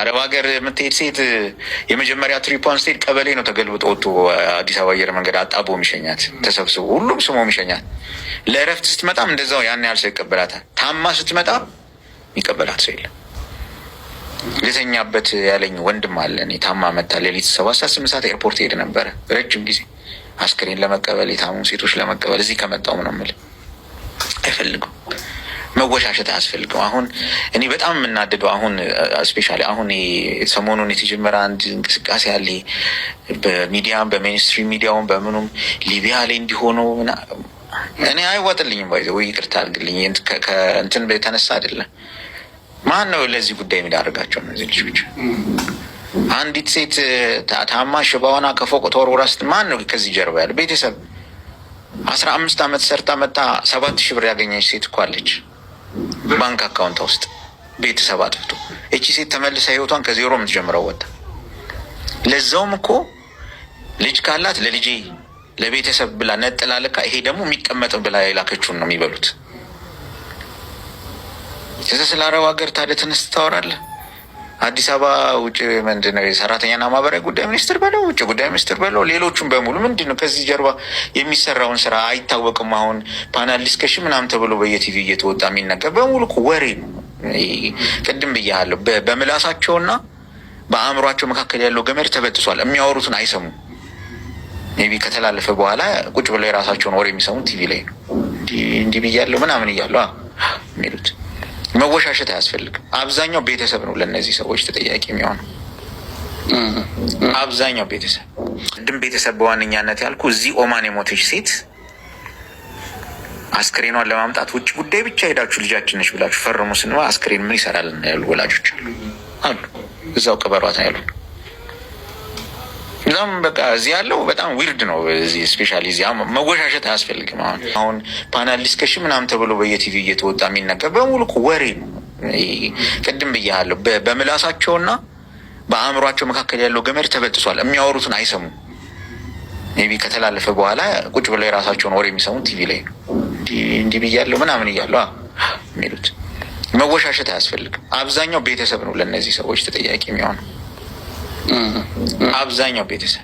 አረብ ሀገር የምትሄድ ሴት የመጀመሪያ ትሪፖን ስትሄድ ቀበሌ ነው ተገልብጦ ወጥቶ አዲስ አበባ አየር መንገድ አጣቦ ሚሸኛት ተሰብስቦ ሁሉም ስሞ ሚሸኛት። ለእረፍት ስትመጣም እንደዛው ያን ያህል ሰው ይቀበላታል። ታማ ስትመጣ ይቀበላት ሰው የለም። ልተኛበት ያለኝ ወንድም አለ። እኔ ታማ መታ ሌሊት ሰባት ሰዓት ስምንት ሰዓት ኤርፖርት ሄድ ነበረ ረጅም ጊዜ አስክሬን ለመቀበል የታሙ ሴቶች ለመቀበል እዚህ ከመጣው ነው የምልህ አይፈልግም መወሻሸት አያስፈልግም። አሁን እኔ በጣም የምናደደው አሁን ስፔሻሊ አሁን ሰሞኑን የተጀመረ አንድ እንቅስቃሴ አለ በሚዲያም በሜንስትሪም ሚዲያውን በምኑም ሊቢያ ላይ እንዲሆነው እኔ አይዋጥልኝም። ባይዘ ወይ ይቅርታ አድርግልኝ ከእንትን የተነሳ አይደለም። ማን ነው ለዚህ ጉዳይ የሚዳርጋቸው እነዚህ ልጆች? አንዲት ሴት ታማ ሽባዋና ከፎቅ ተወርውራ ስት ማን ነው ከዚህ ጀርባ ያለ ቤተሰብ? አስራ አምስት ዓመት ሰርታ መጣ ሰባት ሺህ ብር ያገኘች ሴት እኮ አለች። ባንክ አካውንት ውስጥ ቤተሰብ አጥፍቶ እቺ ሴት ተመልሳ ህይወቷን ከዜሮ የምትጀምረው ወጣ። ለዛውም እኮ ልጅ ካላት ለልጄ ለቤተሰብ ብላ ነጥላ ልካ፣ ይሄ ደግሞ የሚቀመጥ ብላ የላከችውን ነው የሚበሉት። ከዛ ስለ አረብ ሀገር ታዲያ ትንስ ታወራለህ። አዲስ አበባ ውጭ ምንድን ነው የሰራተኛና ማህበራዊ ጉዳይ ሚኒስትር በለው ውጭ ጉዳይ ሚኒስትር በለው ሌሎቹም በሙሉ ምንድን ነው ከዚህ ጀርባ የሚሰራውን ስራ አይታወቅም። አሁን ፓናል ዲስከሽን ምናምን ተብሎ በየቲቪ እየተወጣ የሚነገር በሙሉ ወሬ ነው። ቅድም ብያለሁ፣ በምላሳቸውና በአእምሯቸው መካከል ያለው ገመድ ተበጥሷል። የሚያወሩትን አይሰሙም። ቢ ከተላለፈ በኋላ ቁጭ ብለው የራሳቸውን ወሬ የሚሰሙት ቲቪ ላይ ነው። እንዲህ ብያለሁ ምናምን እያሉ የሚሉት መወሻሸት አያስፈልግም። አብዛኛው ቤተሰብ ነው ለእነዚህ ሰዎች ተጠያቂ የሚሆነው። አብዛኛው ቤተሰብ ድም ቤተሰብ በዋነኛነት ያልኩ እዚህ ኦማን የሞተች ሴት አስክሬኗን ለማምጣት ውጭ ጉዳይ ብቻ ሄዳችሁ ልጃችን ነች ብላችሁ ፈርሙ ስንባ አስክሬን ምን ይሰራል ያሉ ወላጆች አሉ። እዛው ቅበሯት ያሉ በጣም በቃ እዚህ ያለው በጣም ዊርድ ነው። እዚህ ስፔሻሊ እዚህ መወሻሸት አያስፈልግም። አሁን አሁን ፓናል ዲስከሽን ምናምን ተብሎ በየቲቪ እየተወጣ የሚነገር በሙሉ ወሬ ነው። ቅድም ብያለሁ፣ በምላሳቸውና በአእምሯቸው መካከል ያለው ገመድ ተበጥሷል። የሚያወሩትን አይሰሙም። ቢ ከተላለፈ በኋላ ቁጭ ብለው የራሳቸውን ወሬ የሚሰሙት ቲቪ ላይ ነው። እንዲህ ብያለሁ ምናምን እያሉ የሚሉት መወሻሸት አያስፈልግም። አብዛኛው ቤተሰብ ነው ለእነዚህ ሰዎች ተጠያቂ የሚሆነው። አብዛኛው ቤተሰብ